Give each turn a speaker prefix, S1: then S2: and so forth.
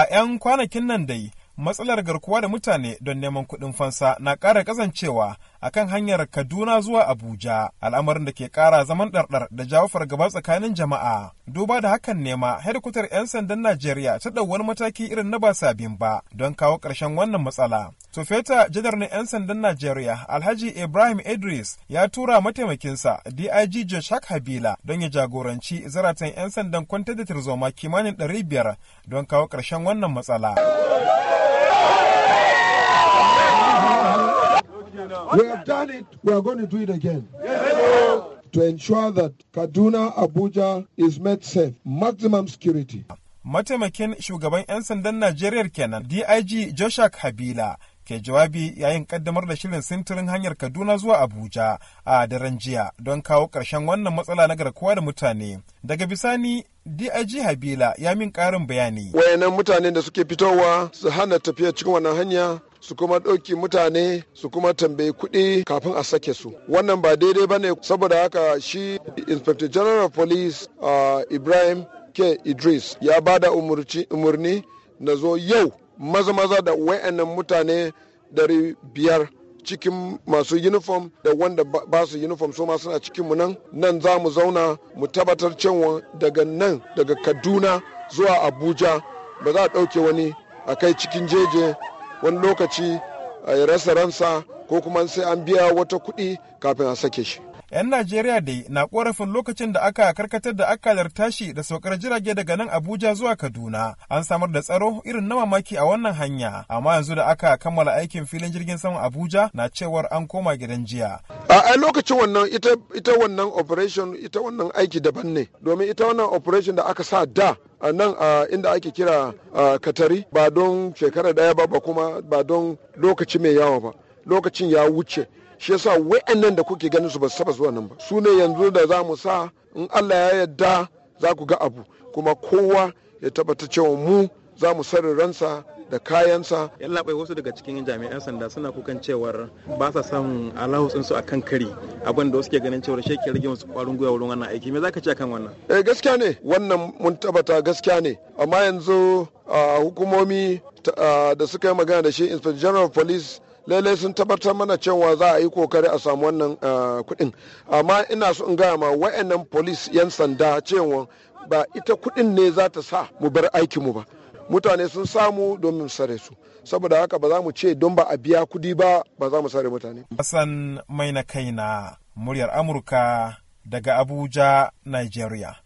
S1: A 'yan kwanakin nan dai, matsalar garkuwa da mutane don neman kuɗin fansa na ƙara kasancewa a kan hanyar Kaduna zuwa Abuja, al'amarin da ke ƙara zaman ɗarɗar da jawo fargaba tsakanin jama'a. Duba da hakan nema, hedkwatar 'yan sandan Najeriya ta ɗau wani mataki irin na ba sabin ba don kawo ƙarshen wannan matsala. Tufeta janar na 'yan sandan Najeriya Alhaji Ibrahim Idris ya tura mataimakinsa DIG Joshak Habila don ya jagoranci zaratan 'yan sandan kwantar da tarzoma kimanin 500 don kawo ƙarshen wannan matsala. We have done
S2: it, we are going to do it again. To ensure that Kaduna
S1: Abuja is made safe, maximum security. Mataimakin shugaban 'yan sandan Najeriya kenan DIG Joshak Habila ke jawabi yayin kaddamar da shirin sintirin hanyar Kaduna zuwa Abuja a daren jiya don kawo karshen wannan matsala na garkuwa da mutane. Daga bisani DIG Habila ya min karin bayani.
S2: Wayannan mutane da suke fitowa su hana tafiya cikin wannan hanya su kuma ɗauki mutane su kuma tambayi kuɗi kafin a sake su wannan ba daidai ba ne saboda haka shi inspector general of police uh, ibrahim k idris ya ba da umarni na zo yau maza maza da wayannan mutane dari biyar cikin masu uniform da wanda ba su uniform so ma suna cikin mu nan nan za mu zauna mu tabbatar cewa daga nan daga kaduna zuwa abuja ba za a ɗauke wani a kai cikin jeje wani lokaci a rasa ransa ko kuma sai an biya wata kuɗi kafin a sake shi
S1: 'Yan Najeriya dai na korafin lokacin da aka karkatar da akalar tashi da saukar jirage daga nan Abuja zuwa Kaduna. An samar da tsaro irin na mamaki a wannan hanya, amma yanzu da aka kammala aikin filin jirgin saman Abuja na cewar an koma gidan jiya. A lokacin wannan ita, ita wannan operation ita wannan
S2: aiki daban ne, domin ita wannan operation da aka sa da a nan a inda ake kira katari ba don shekara daya ba ba kuma ba don lokaci mai yawa ba lokacin ya wuce shi yasa wa'annan da kuke ganin su ba saba zuwa nan ba su ne yanzu da za mu sa in Allah ya yarda za ku ga abu kuma kowa ya tabbata cewa mu za mu
S1: sarri ransa da kayansa. Yan labai wasu daga cikin jami'an sanda suna kukan cewar ba sa samun sun su akan kari abin da wasu ke ganin cewar shi ke rage musu kwarin gwiwa wurin wannan aiki me zaka ce akan wannan?
S2: Eh gaskiya ne wannan mun tabbata gaskiya ne amma yanzu ah, hukumomi ah, da suka yi magana da shi inspector general police lallai sun tabbatar mana cewa za a yi kokari a samu wannan eh, kuɗin amma ina so in gaya ma wa'annan polis yan sanda cewa ba ita kuɗin ne za ta sa mu bar aikinmu ba mutane sun samu domin sare su saboda haka ba za mu ce don ba a biya kudi ba ba za mu sare mutane.
S1: Hassan mai na kai na muryar Amurka daga Abuja, Nigeria.